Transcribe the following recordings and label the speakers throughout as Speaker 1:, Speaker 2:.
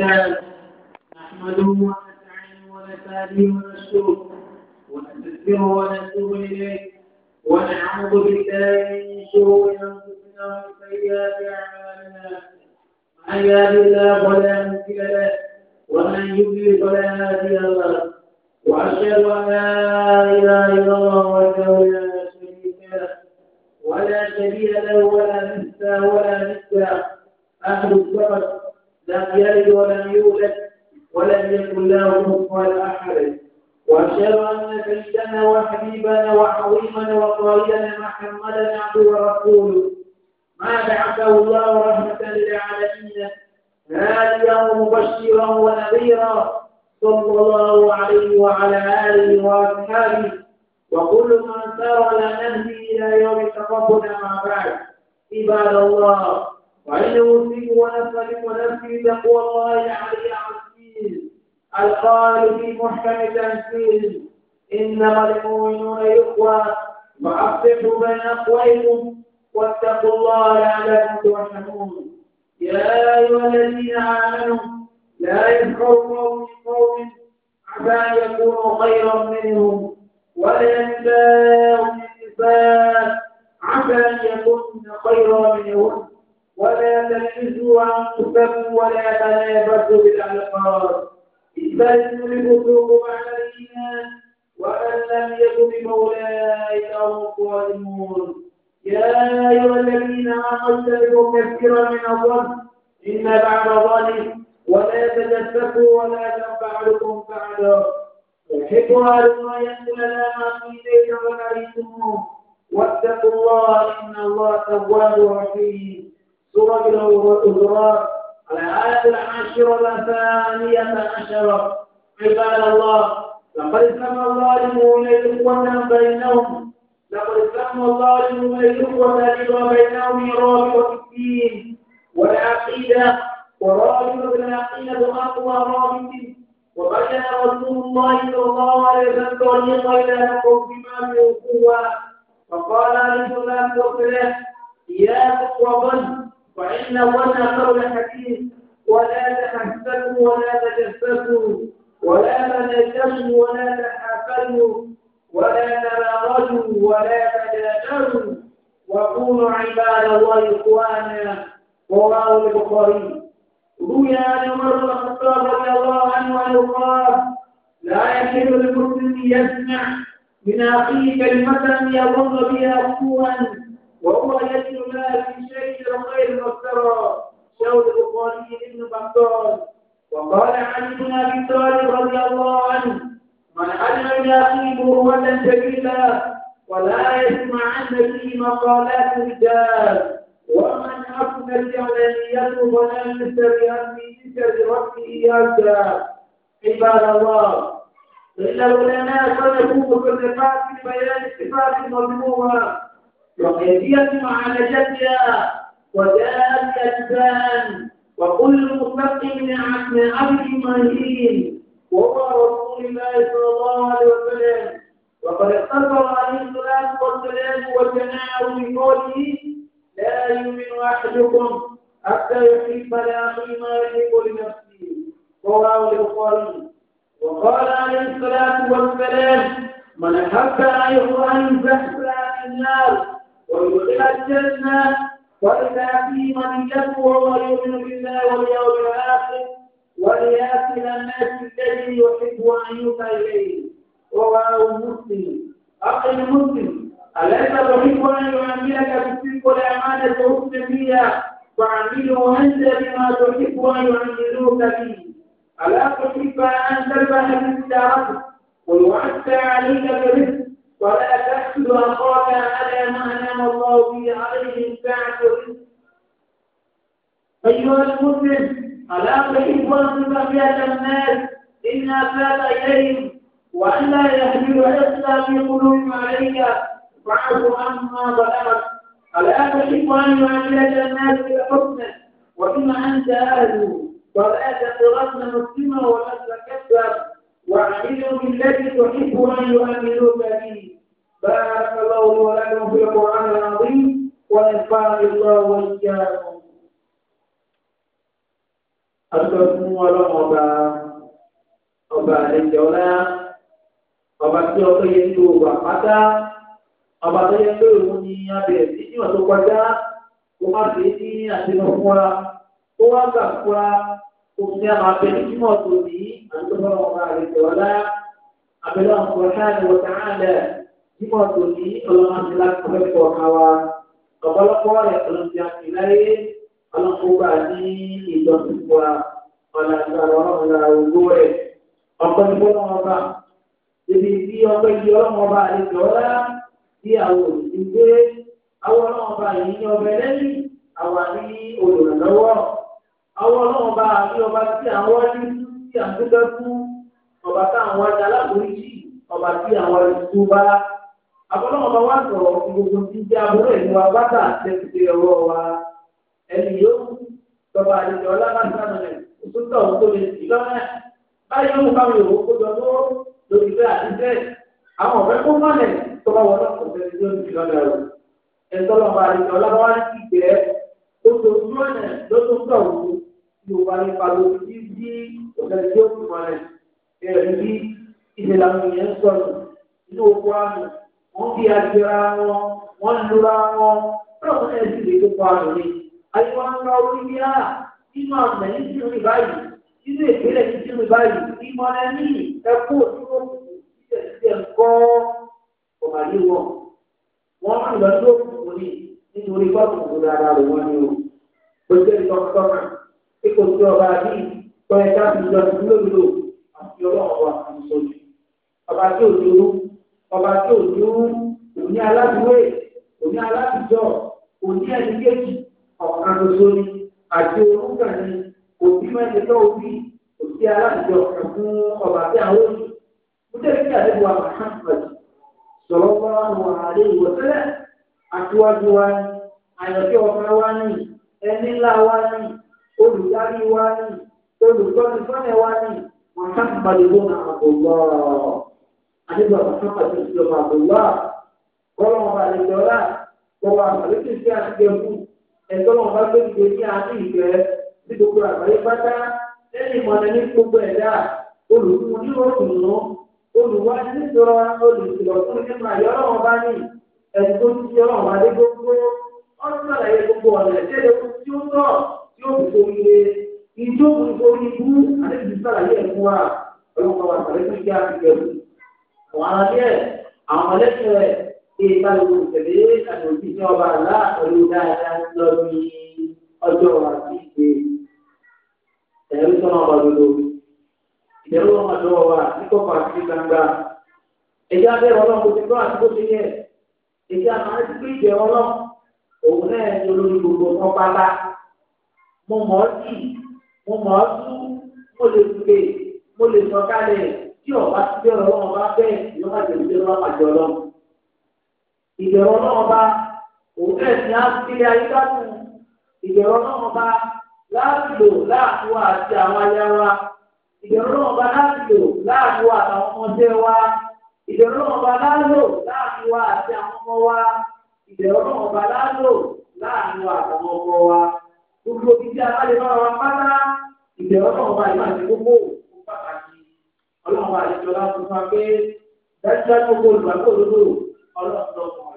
Speaker 1: نحمده ونستعينه ونستهديه ونشكره ونستغفره ونتوب إليه ونعوذ بالله من شرور أنفسنا ومن سيئات أعمالنا من يهد الله فلا مضل له ومن يضلل فلا هادي له وأشهد أن لا إله إلا الله وحده لا شريك له ولا شريك له ولا نسى ولا نسى أهل الصبر لم يلد ولم يولد ولم يكن له كفوا أحد وأشهد أن سيدنا وحبيبنا وعظيمنا وقائدنا محمدا عبده ورسوله ما بعثه الله رحمة للعالمين هاديا مبشرا ونذيرا صلى الله عليه وعلى آله وأصحابه وكل من سار على نهجه إلى يوم تقفنا مع بعد عباد الله فإنه أوصيكم ونفسي ونفسي تقوى الله العلي العظيم القائل في محكم تنزيل إنما المؤمنون إخوة فأصلحوا بين أخويكم واتقوا الله لعلكم ترحمون يا أيها الذين آمنوا لا يذكر قوم قوم عسى أن يكونوا خيرا منهم ولا نساء من نساء عسى أن يكون خيرا منهم وأنفسكم ولا تنابزوا بالألقاب استلزموا الفسوق بعد الإيمان وأن لم يكن فأولئك هم الظالمون يا أيها الذين آمنوا اتبعوا كثيرا من الظن إن بعد ظن ولا تجسسوا ولا تنفعلكم بعدا يحب أن ينزل لنا ما في يديك ولا يسموه واتقوا الله إن الله تواب رحيم سورة الزراء الآية العاشرة الثانية عشرة عباد الله لقد سمى الظالمون الإخوة بينهم لقد سمى الظالمون الإخوة لما بينهم رابطة الدين والعقيدة ورابطة العقيدة أقوى رابط وبين رسول الله صلى الله عليه وسلم طريقا إلى القوم بما في القوة فقال عليه الصلاة والسلام إياكم وظن فإن أولنا قول حكيم ولا تحسدوا ولا تجسسوا ولا تنجسوا ولا تحافلوا ولا تراغبوا ولا تجاسروا وكونوا عباد الله إخوانا رواه البخاري روي عن عمر بن الخطاب رضي الله عنه أنه قال لا يحل للمسلم يسمع من أخيه كلمة يظن بها سوءا وهو يجد ما في شيء غير مفترى شوذ البخاري ابن بطال وقال عن ابن ابي طالب رضي الله عنه من اجمع الى اخيه مروه جميله ولا يسمعن في مقالات الرجال ومن أفنت علانيته فلا يستبعد في ذكر ربه أبدا عباد الله فإن العلماء صدقوا مصدقات في بيان الصفات المذمومة وكيفية معالجتها وذات الأسبان وكل مطلق من عبد مهين وهو رسول الله صلى الله عليه وسلم وقد اختصر عليه الصلاة والسلام وتناول قوله لا يؤمن أحدكم حتى يحب لأخي ما يحب لنفسه رواه البخاري وقال عليه الصلاة والسلام من أحب أن يحب النار ويدخل الجنة وإذا في من يكفر ويؤمن بالله واليوم الآخر وليأكل الناس الذي يحب أن يؤتى إليه رواه مسلم أخي مسلم ينبغي الناس إن فات إليهم وأن لا يهجر إلا في قلوبهم عليك فاعف عما ظلمت ألا تحب أن يعاملك الناس بحسن وبما أنت أهل ولا تقرن مسلما ولا تكذب واعملوا بالذي تحب أن يؤمنوك به بارك الله لكم في القرآن العظيم ونفعني الله وإياكم adúgbò fún ọlọ́run ọba ọba àlejò ọlá ọba tí ọkọ yẹ ní òwà pátá ọba tó yẹ pé òun ni abẹ̀rẹ̀ sí ní ọ̀tún kọjá kó má fi ní àtẹnum fún wa kó wá gbà fún wa kó fi àmà abẹ́rẹ́ sí mọ̀ tó ní àdúgbò ọba àlejò ọlá abẹ́rẹ́ ọ̀pọ̀ sáàni wọ̀tá àlẹ̀ sí mọ̀ tó ní ọlọ́run àti láti kọ́ ẹ̀kọ́ ọ̀ka wa ọ̀pọ̀lọpọ̀ ẹ̀kọ́ ló ń alùpùpù àti ìjọsìnkú ọ̀nà àtàrà ọ̀nà ògbó rẹ̀ ọ̀pọ̀ ní bọ́lá wọn bá ibi tí ọpẹ́ yìí ọlọ́wọ́n bá àlejò ọ̀la tí àwọn òṣìṣẹ́ gbé àwọn ọlọ́wọ́n bá yìí ní ọbẹ̀ lẹ́yìn àwọn àní olùrànlọ́wọ́ àwọn ọlọ́wọ́n bá àbí ọba tí àwọn ọdún tí à ń dúdọ́ fún ọba táwọn ọjà alábòójì ọba tí àwọn ọdún tó bá àbọ̀lọ́wọ́n bá wà sọ̀rọ̀ gbogbo ti jẹ́ abúlé ìlú wa ẹni yóò tọba àlejò ọlábàtà rẹ̀ òtútọ̀ òkú mi sí lọ́nà báyìí wọn bá wọn òkú jọ tó lórí bẹ́ẹ̀ àti bẹ́ẹ̀ àwọn ọ̀rẹ́ kó mọ́lẹ̀ tọba wọn lọ́kọ̀ tẹ̀lé tó ń fi lọ́nà rẹ̀ ẹ̀tọ́ lọ́ba àlejò ọlábàtà ti gbẹ tó tó ojú ọ̀nà ló tó òkú tí o bá ní palo tí bí ọ̀rẹ́ tí ó fi mọ́lẹ̀ ẹ̀rí bí ìṣẹ̀lẹ̀ àwọn èèyàn sọ̀rọ̀ wọ́n fi àjẹra wọn wọ́n lura wọn lọ́wọ́ ẹ̀sìn lè tó pa àmì àyíwá ń ra orí bí á nínú àmì ẹ̀yìn tí mi báyìí nínú ìpínlẹ̀ yìí tí mi báyìí ìmọ̀ ẹ ní ẹkú òdúró ìṣẹ̀ ìṣẹ̀ ńkọ́ ọ̀màlí wọ̀ wọ́n ń lọ sí òkùnkùn ní nítorí bọ́ọ̀kùnkùn dáadáa rẹ̀ wọ́n ní o gbèsè ìtọ́kọ́tọ́kà kíkò sí ọba àbí tọ́yẹ káàkiri lọ sí lóòlò àti ọlọ́run wa fún sójú ọba tí ò dúró ọba òní ẹni kéjì ọ̀kan ṣoṣo ni àti orúkà ni òbí mẹ́rin tó wí òbí aláàjọ ọ̀kan fún ọba tí àwọn òbí ó tẹ̀lé kí àdébò àmàhàmàdì sọ̀rọ̀ bá wọn àlẹ́ ìwọ̀sẹ́lẹ̀ àtiwájú wa ni àyànfẹ́ ọ̀kan wa ni ẹni ńlá wa ni olùdarí wa ni olùtọ́ni fọ́nẹ̀ wa ni mọ̀hàmàdì ló na àbọ̀lọ́ àdébò àmàhàmàdì ìjọba àbọ̀lọ́ kọ́lọ́ wọn àlejò ọ̀la wọn àmàlẹ́kì sí àtìkẹ́ fún ẹ̀tọ́ wọn bá gbé dìde ní àánú ìgbẹ́ ní gbogbo àgbáyé pátá lẹ́yìn ìmọ̀lẹ́ ní gbogbo ẹ̀dá olùkún ní òkùnú olùwá nítorọ olùsìlọ̀ fún nípa ìyọ́rọ̀ wọn bá ní ẹ̀sùn tó ti yọrọ̀ wọn adé gbogbo wọn ti sàlàyé gbogbo ọ̀nà ìṣẹ̀lẹ̀ tí ó tọ̀ tí ó fòfò ire ìjó fòfò ibú àti ìsàlàyé ẹ̀fọ́ wa ọlọ́pàá wà pẹ̀lú kí á fi kẹ̀kẹ́ wọn á lẹ́ àwọn ọlẹ́sẹ̀ kí kálukú tẹ̀lé àdòbí ní ọba àlá pẹ̀lú dáadáa lọ ní ọjọ́ àti ìgbé. Ẹ̀rú sọ́nà ọba dodo. Ìdẹ̀rú ọmọ àdọ́wọ̀ wa ní kọ́kọ́ àti ní gbangba. Ẹ̀jẹ̀ abẹ́ ọlọ́run kò ti gbọ́ àti bó ti yẹ. Ẹ̀jẹ̀ àmọ́ àti pé ìjẹ́ ọlọ́run òun náà ń lórí gbogbo kan pátá. Mo mọ̀ ọ́ sí, mo mọ̀ lè gbé, mo lè tí ọ̀pá ti bẹ̀rẹ̀ ọlọ́run bá bẹ́ẹ̀ ni wọ́n bá jẹ̀bi ìbẹ̀rù ọlọ́run bá òun náà ní àtìlẹ̀ ayíkáàtù ìbẹ̀rù ọlọ́run bá láti lò láàbò àti àwọn aya wa ìbẹ̀rù ọlọ́run bá láti lò láàbò àtàwọn ọmọdé wa ìbẹ̀rù ọlọ́run bá láàlò láàbò àti àwọn ọmọ wa ìbẹ̀rù ọlọ́run bá láàlò láàbò àtàwọn ọmọ wa gbogbo ibi tí a bá lè bá wa pátá ìbẹ̀rù ọlọ́run bá ìbá ti gbogbo òkú pàtàkì ọlọ́run bá àlejò láti fún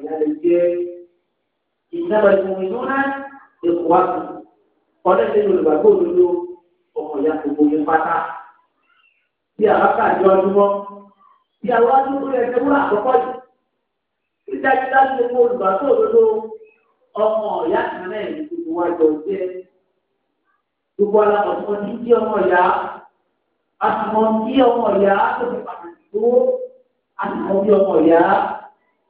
Speaker 1: ìyá rẹ̀ jẹ́ ìjọba ìfúnni lọ́nà èkó wá sí ọdẹ tí olùgbàgbọ́ òdodo ọkọ̀ ìyá gbogbo yẹn pátá bí àbáká àjọ ọdún mọ́ bí àwọn adúgbò yẹn ti wúrà àkọ́kọ́ yìí dídájúdájú gbogbo olùgbàgbọ́ òdodo ọmọ ìyá kan náà ní gbogbo wa jọ jẹ́ gbogbo alákọ̀ọ́kọ́ ní kí ọmọ ìyá àtìmọ́ kí ọmọ ìyá tó fi pàtàkì tó àtìmọ́ kí ọmọ ìyá.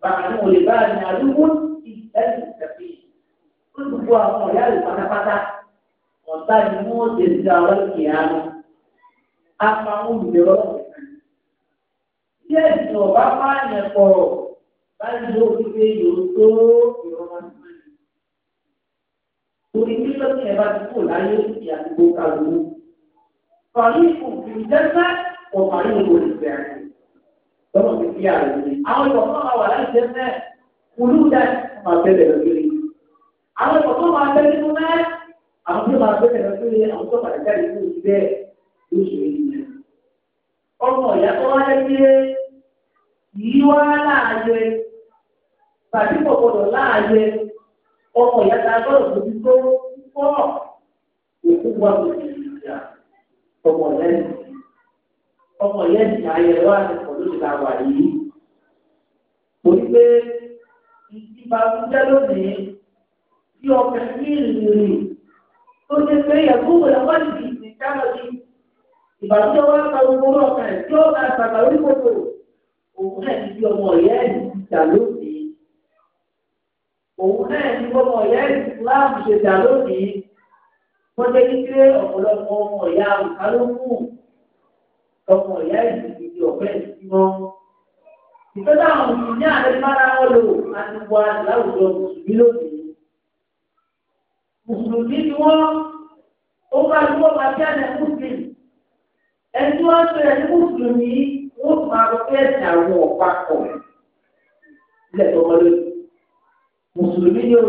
Speaker 1: bàtàkì wòlé báyìí ní àdúgbò ìtẹ́lẹ̀ ìtẹ́fẹ́ gbogbo àwọn ọ̀yá rẹ̀ pátápátá ọ̀tá ni wọ́n ṣe ti àwọn ìyáàmú apá olùdẹ̀rọ̀ díẹ̀ tí ọba máa yẹ kọ̀ọ̀ báyìí ló fi pé yòó tó ìrọ̀rùn torí mílíọ̀nù ẹ̀ bá ti kò láyé ìyàtúgbò kàlùkù. Fàlí ìfòfin jẹ́sẹ̀ ọ̀fàlí ìwòlùfẹ́ rẹ̀ tọ́lọ̀ ti fi àrẹ lórí. Àwọn ìtọ̀ tó máa wà láti ṣe mẹ́ olú dá máa bẹ̀rẹ̀ lórí. Àwọn ìtọ̀ tó máa bẹ̀rẹ̀ nínú mẹ́ àwọn tó máa bẹ̀rẹ̀ lórí àwọn tó padà jáde nínú ti bẹ́ẹ̀ lóṣù yìí mẹ́. Ọmọ ìyá tó wáyé pé yìí wá láàyè tàbí kò gbọdọ̀ láàyè ọmọ ìyá tá a gbọdọ̀ tó pọ̀ òkú wa kò sí ìjà ìjà ọmọ ìyá ìjà ayẹyẹ wá ní lóṣù tá a wà yìí. Mo ní pé ìbànújẹ́ lónìí tí ọkàn ní ìrìnrìn tó ṣe pé ẹ̀kú wọlé wọ́n ti di ìkáàlọ́ yìí. Ìbànújẹ́ wa ń ta gbogbo ọkàn tí ó máa tàgbà orí kòkò. Òun náà ti di ọmọ ìyá ẹ̀ ní ìjà lónìí. Òun náà ni ọmọ ìyá ìsìláàmù ṣe dà lónìí. Wọ́n jẹ́ kíkéré ọ̀pọ̀lọpọ̀ ọmọ ìyá àlùkálókù. Ọmọ ìyá ìsìláàmù ìdí ọ̀fẹ́ sí wọn. Ìfẹ́ táwọn mùsùlùmí àti mára wọn lò láti wá láwùjọ mùsùlùmí lónìí. Mùsùlùmí ni wọ́n ó bá ní wọ́n máa bí àná mùsùlùmí. Ẹni tí wọ́n ń sọ ẹni mùsùlùmí wọ́n máa lọ fẹ́ ẹ̀sìn àwọn ọ̀pá pọ̀ ilẹ̀ tó wọlé. Mùsùlùmí ni o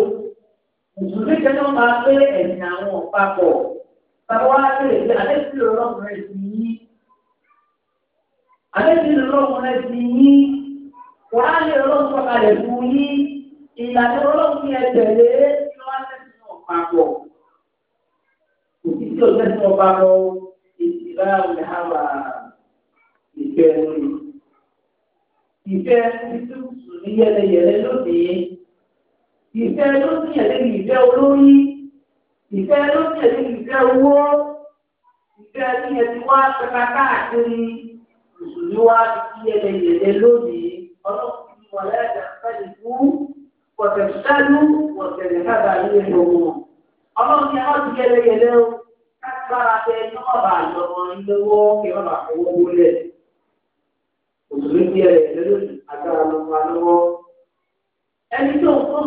Speaker 1: mùsùlùmí kẹta máa gbé ẹ̀sìn àwọn ọ̀pá pọ̀. Bàbá wa á bèrè pé àlẹ́ ìfúnlẹ̀ ọlọ́run rẹ̀ àlejò ìrọ̀lọ́wọ́ rẹ̀ ti yí wàhálà ìrọ̀lọ́wọ́ sọ̀kalẹ̀ fún yí ìlànà ìrọ̀lọ́wọ́ fi ẹ̀jẹ̀ lé ìjọba tí wọn bá lọ ìdílé àwọn ìhàwà ìfẹ́ lórí ìfẹ́ títún ní yẹlẹyẹlẹ lónìí ìfẹ́ ló ní yẹlẹ ní ìfẹ́ olórí ìfẹ́ ló ní yẹlẹ ní ìfẹ́ owó ìfẹ́ ní yẹlẹ wá pẹpẹ káàkiri. ìlú wa ti fi yẹlẹyẹlẹ lónìí ọlọ́run wà láyà fún pọ̀tẹ̀sẹ́lú pọ̀tẹ̀lẹ̀ kábà ilé lọ́wọ́. ọlọ́run yẹn wọ́n o káàkiri àti ẹni wọ́n kí wọ́n bá òṣèlú lónìí ẹni tó ń fún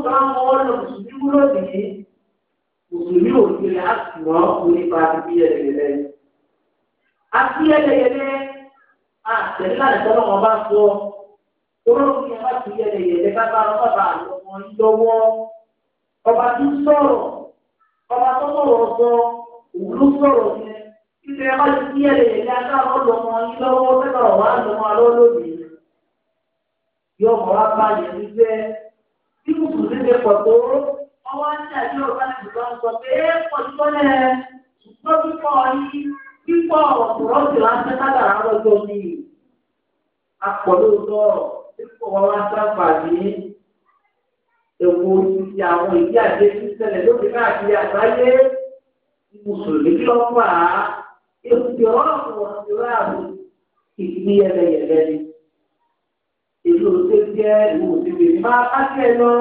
Speaker 1: àtẹ̀lé láti tọ́lọ́ wọn bá sọ olóògùn yẹn bá ti yẹlẹ yẹlẹ bàbá ọba àlọ́mọ ìjọwọ́ ọba tó sọ̀rọ̀ ọba tó sọ̀rọ̀ sọ òun ló sọ̀rọ̀ yẹn títí ẹ bá ti ti yẹlẹ yẹlẹ agbára ọlọ́mọ ìlọ́wọ́ fẹ́ràn wà lọ́mọ alólòdì yóò mọ̀ wá bá yẹn wípé bí kùkùrù ti pọ̀ tó ọwọ́ ní àjọ ìbánisọ̀rọ̀ sọ pé pọ̀ tó ṣùgbọ́n kíkọ́ yìí kíkọ́ ọ̀pọ̀lọ́ ti wá sí kádàrá lọ́jọ́ ní apọ̀lọ́dọ̀ kíkọ́ wọn wá sábàbí èwo ti àwọn ìdí àti ẹbí ṣẹlẹ̀ lóde káàkiri àgbáyé mùsùlùmí kí lọ́ọ́ fà á èkùtì ọlọ́run wọn ti rà á ìdí yẹlẹyẹlẹ ni èyí ò ṣe jẹ́ ìwò òṣèlú ìmá kákẹ́ lọ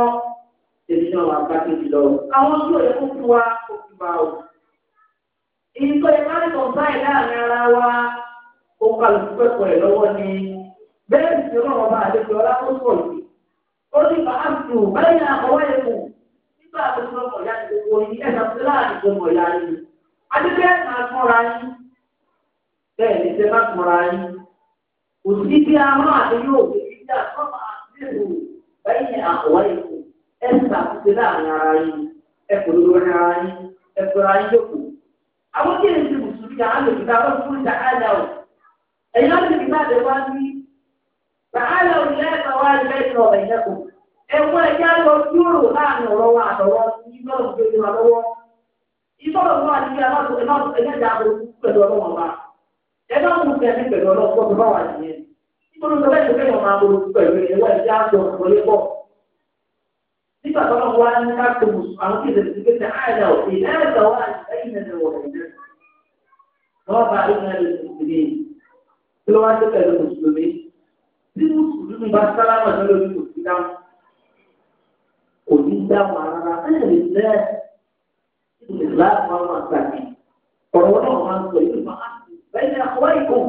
Speaker 1: ènìyàn àgbàkejì lọ àwọn tó yẹ kó fún wa kó fún wa o. ìtọ́ ẹ̀ máa ń sọ báyìí láàrin ara wa ó ká ló pẹ́pọ̀ ẹ̀ lọ́wọ́ ni bẹ́ẹ̀ sì rán ọba àlejò ọlákòókò yìí ó ní báyìí àkọwé nígbà tó gbogbo yìí láàrin gbogbo adébẹ́ máa kọ́ra yín bẹ́ẹ̀ ṣe kọ́ra yín kò sí bí àti yóò fi kí báyìí àkọwé ara yín yín àwọn tí èyí ti mùsùlùmí yà á lè fi bàbá fún ìjà àlà o èyí á lè bá àlè wá ní o wá ọ̀bẹ̀ yẹn lọ láàrin ọ̀rọ̀ wa àtọ̀rọ̀ wa lọ́wọ́ wa ti aláàbò dà pẹ̀lú ọlọ́wọ́ wa mú pẹ̀lú ọlọ́wọ́ tó bá wà nìyẹn فإننا وإنك رفع علينا للمسلمين كل واحد كان المسلمين bí mùsùlùmí bá sálámà lọ lórí kò sí dáhùn kò ní dáhùn rárá ẹ̀ lè lẹ́ ìlà àwọn àgbàdì ọ̀rọ̀ náà máa ń sọ yìí máa ń bẹ́ẹ̀ ní àwọn ìkọ̀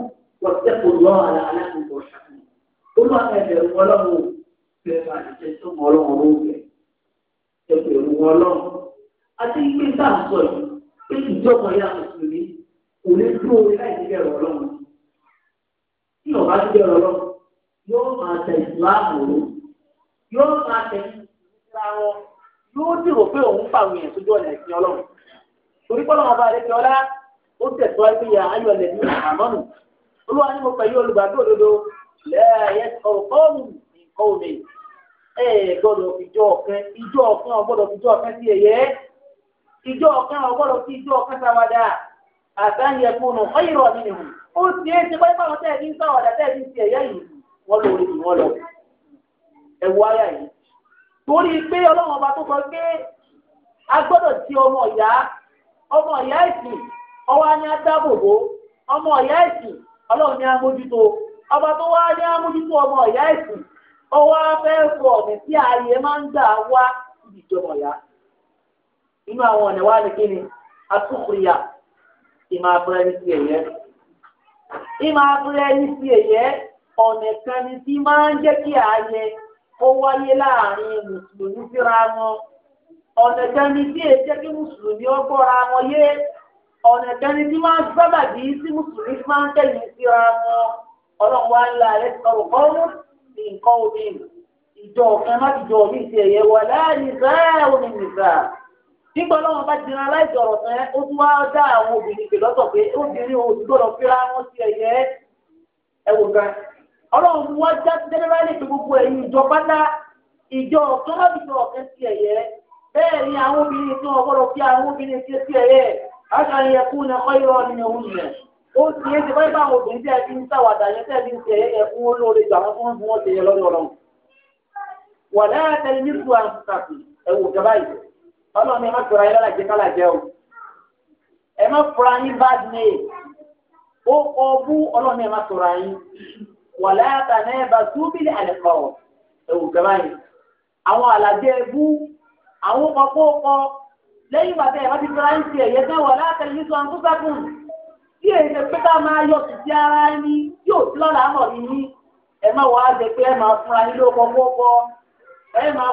Speaker 1: wọ́n ti kò lọ́ àlà aláàbò bá ń sọ yìí. ìjọba ya mùsùlùmí kò ní dúró láì ní bẹ̀rù ọlọ́run tí ọba ti bẹ̀rù ọlọ́run yóò máa tẹ ìsìláàmù ró yóò máa tẹ ìsìláà wọn yóò dìrò pé òun fàwọn èèyàn sójú ọ̀nà ìsìn ọlọ́run torí pé ọlọ́run ọba àdékè ọlá ó ya ayọ̀ lẹ̀ ní àmọ́nù olúwa ni mo pẹ̀lú òdodo ìjọ ọ̀kan ọgbọ́dọ̀ sí ìjọ ọ̀kan sáwádà àtàyẹ̀kùnù ọ̀yẹ̀rọ̀ nínú ó é ṣe pẹ́pẹ́ àwọn tẹ́ẹ̀dì ń sáwádà tẹ́ẹ̀dì ń ti ẹ̀yà yìí wọ́n lò rí wọ́n lọ ẹ̀wọ́ ayà yìí torí pé ọlọ́run ọba tó sọ pé a gbọ́dọ̀ ti ọmọ ìyá ọmọ ìyá ìsìn ọwọ́ á ní ọmọ ìyá ìsìn ọlọ́run ní amójútó ọba tó wá ní amójútó ọmọ ìyá ìsìn ọwọ́ á fẹ́ ààyè ń inú àwọn ọ̀nà wa ni kíni asúkúrìyà ìmọ̀ abúlé ní ti ẹ̀yẹ. ìmọ̀ abúlé ní ti ẹ̀yẹ ọ̀nà kan ni tí máa ń jẹ́ kí ààyè kó wáyé láàrin mùsùlùmí síra wọn. ọ̀nà kan ni tí èyí jẹ́ kí mùsùlùmí ó gbọ́ra wọn yé. ọ̀nà kan ni tí máa ń sábà bí sí mùsùlùmí tí máa ń tẹ̀yìn síra wọn. ọlọ́run wa ń la ẹ̀ sọ̀rọ̀ kọ́rọ́ ní nǹkan omi ìjọ kan láti jọ omi ìṣẹ̀yẹ wà láàrin sáà nígbà ọlọ́run bá jìnnà aláìsọ̀rọ̀ tán ó tún wá dá àwọn obìnrin pè lọ́sọ̀ pé obìnrin ò gbọ́dọ̀ fira wọn sí ẹ̀yẹ ẹ̀wò gan. ọlọ́run mú wá já pé gbogbo ẹ̀yin ìjọ pátá ìjọ ọ̀kan lábìjọ ọ̀kan sí ẹ̀yẹ bẹ́ẹ̀ ni àwọn obìnrin tí wọ́n gbọ́dọ̀ fi àwọn obìnrin sí sí ẹ̀yẹ òun yẹn ọlọ́run ẹ má tura yín lọ́la jẹ́ kálá o ẹ má fura yín bad name ó kọ́ bú ọlọ́run ẹ má tura yín wàlẹ́ àtàná ẹ bá yìí àwọn àwọn ti tura yín wàlẹ́ sọ tí èyí pé ká máa yọ ara yóò lọ́la ẹ má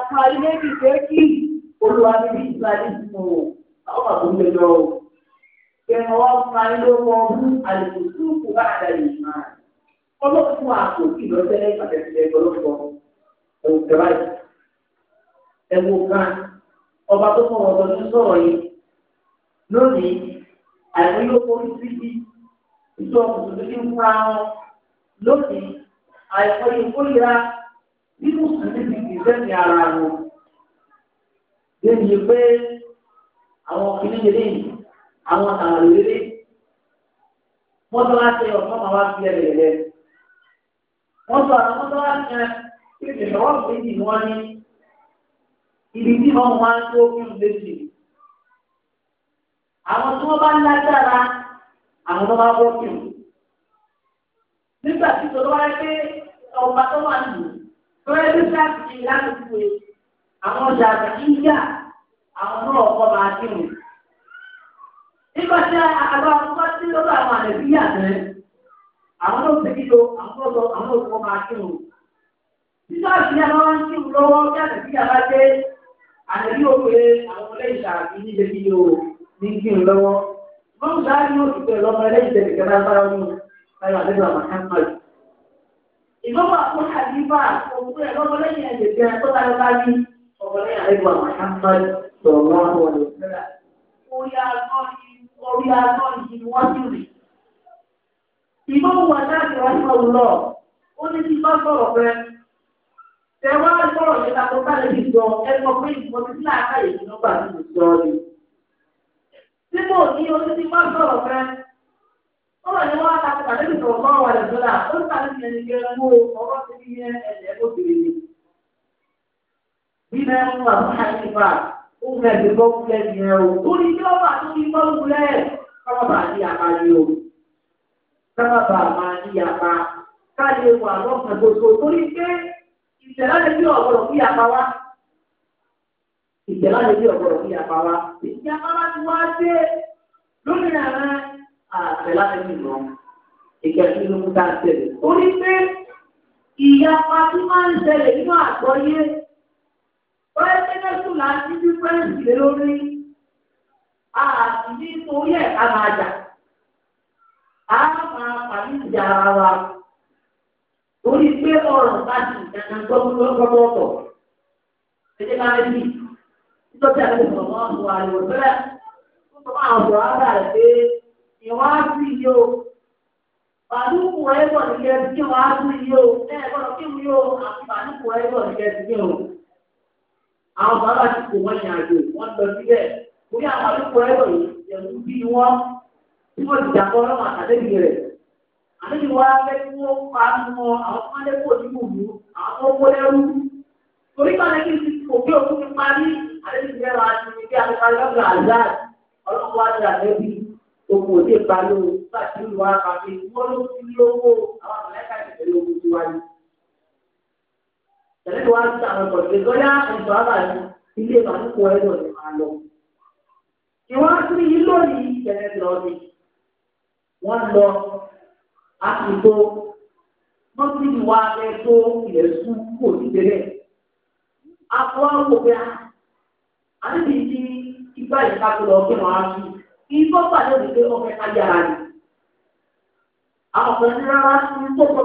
Speaker 1: olúwa níbi ìsìláyé ti mọ̀ wò àwọn bàbá ń gbẹjọ́ o. Ìrìn àwọn ọkùnrin ayé ló wọ ọdún àlùkò túùkù bá àdá yìí máa. Ọlọ́run fún àpò kí lọ́sẹ̀ ìpàtẹ́sílẹ̀ ìgbọ́lọ́pọ̀ ẹ̀wù kẹ̀ráì. Ẹ̀wù kan ọba tó fún ọ̀dọ́ ní sọ̀rọ̀ yìí lónìí àìmọ́ yóò kó síbi ìjọ mùsùlùmí fúnra wọn lónìí àìmọ́ yóò kó ìra bí ti dìbẹ́ ní ara wọn débi pé àwọn kìnìún lè àwọn àrùn lè wọ́n tó wá ṣe ọ̀sán máa wá fi ẹ̀rẹ̀ rẹ̀ wọ́n tó àwọn tó wá ṣe kéde lọ́wọ́ méjì ni wọ́n ní ibi tí wọ́n máa ń tó fún méjì àwọn tí wọ́n bá ń lágbára àwọn tó bá wọ́ kí wọ́n nígbà tí tó lọ́wọ́ pé ọba tó wà nù tó yẹ sáà ti láti fún e àwọn ọjà ìyá àwọn náà ọkọ máa dín mi. nígbà tí àgbà ọkọ tí lọ́dọ̀ àwọn àlẹ́bí yà tẹ́ àwọn náà ti kíló àwọn ọkọ àwọn ọkọ máa dín mi. títọ́ ìṣẹ́ àwọn wá ń dín mi lọ́wọ́ bí àlẹ́bí yà bá dé àlẹ́bí ò pé àwọn ọlẹ́yìn ṣàbí níbi kíló ní dín mi lọ́wọ́. wọ́n ń sáré ní oṣù pẹ̀lú ọmọ ẹlẹ́yìn tẹ̀lé kẹta bára wọn báyọ̀ àlejò àmàkánná ìgbọ́n wà fún àdìbà òkú ẹ̀ lọ́mọlẹ́yìn ẹ̀jẹ̀ ọkùnrin àìgbà Muhammad sọ̀rọ̀ àwọn ọ̀dọ́sẹ́lá. Orí agbọ́n ni wọ́n ti rì. Ìgbọ́n wọn láti rọ́ṣọ́ lọ, ó ní kí bá sọ̀rọ̀ pẹ́. Tẹ wá sọ̀rọ̀ nípa tó bá lè fi sọ ẹ̀kọ́ pé ìmọ̀ títí láàkáyè ní nọ́mbà tí mo sọ ni. Tí mo ní orí ti bá sọ̀rọ̀ pẹ́. Ó wà ní wọ́n á ta kàdébìtì ọ̀gbọ́n wà lẹ́sọ̀lá, ó ń ta ní bíbẹ́ ń wà fún àyíká ó ń ẹ̀dùn tó ń lẹ̀ yẹn o torí tí wọ́n wà tó fi mọ́ ń lẹ̀ káwọn bá ní apá ni o káwọn bá máa ní apá káyé wà lọ́sàn gbogbo torí pé ìṣẹ̀lẹ̀ lè bí ọ̀gọ̀rọ̀ fún apá wa ìṣẹ̀lẹ̀ lè bí ọ̀gọ̀rọ̀ fún apá wa ìṣẹ̀lẹ̀ apá wa ti wá dé lórí àwọn àṣẹlá lè bí lọ ìkẹ́sí ló mú dáńtẹ̀ torí pé ìyapa tí máa ń ṣẹlẹ̀ nínú àgbọ́yé báyọ̀ tẹ́lẹ̀sùn là ń ní dífẹ́ǹsì lé lórí àti nítorí ẹ̀ ká máa jà á máa pàdé ìjà ara wa torí pé ọ̀rọ̀ bá ti ìjànà gbọ́dọ̀ ọ̀tọ̀ ẹ̀jẹ̀ máa ń bì nítorí àti ìfọ̀mọ́ àwọn àlùwọ̀ tẹ́lẹ̀ fún tọ́mọ àwọn ọ̀dọ́ ara rẹ̀ pé ìwádìí yìí o bàdúkù ẹ̀gbọ́n nìkẹ́ sí ìwádìí yìí o ẹ̀gbọ́n kí n yóò àti bàdúkù ẹ̀gbọ́n nìkẹ́ sí yìí o àwọn bàbá ti kò wọ́n yàn àjò wọ́n lọ sílẹ̀ mo ní àwọn akẹ́kọ̀ọ́ ẹ̀rọ yìí ẹ̀rù bí wọ́n tí wọ́n ti dàpọ̀ lọ́wọ́ àtàlẹ́bí rẹ̀ àlejò wa lẹ́yìn wọn pa mọ́ àwọn kan lẹ́kọ̀ọ́ ní gbòòlù àwọn kan wọ́n lẹ́rú torí bá lẹ́yìn ti òkè òkú ti parí àlejò rẹ̀ wá ti ní bí alùpàdé lọ́gbà àzáàd ọlọ́wọ́ àti àtẹ́bí òkú òde balùwẹ̀ nígbà tí olùwà pàṣẹ wọ́n ló ti lówó àwọn àlẹ́kà tẹ̀lé tó wá sí àwọn ọ̀tọ̀ ìgbé lọ́yà ẹ̀tọ́ àbáyé ilé ìbànúkọ ẹ̀dọ̀ ni máa lọ. ìwọ́n á sí ilé òní ìbẹ̀rẹ̀ lọ ni wọ́n lọ àtúntò wọ́n sì wá abẹ́ tó ilẹ̀ sùn kò ní bẹ̀rẹ̀. àpò àwọn òbí ti ìgbà ìkápẹ́ lọ kí wọ́n á sí ìgbọ́ pàdé òbí pé ọkẹ́ ká ni. àwọn ọ̀pẹ̀ ní rárá ní tó kọ́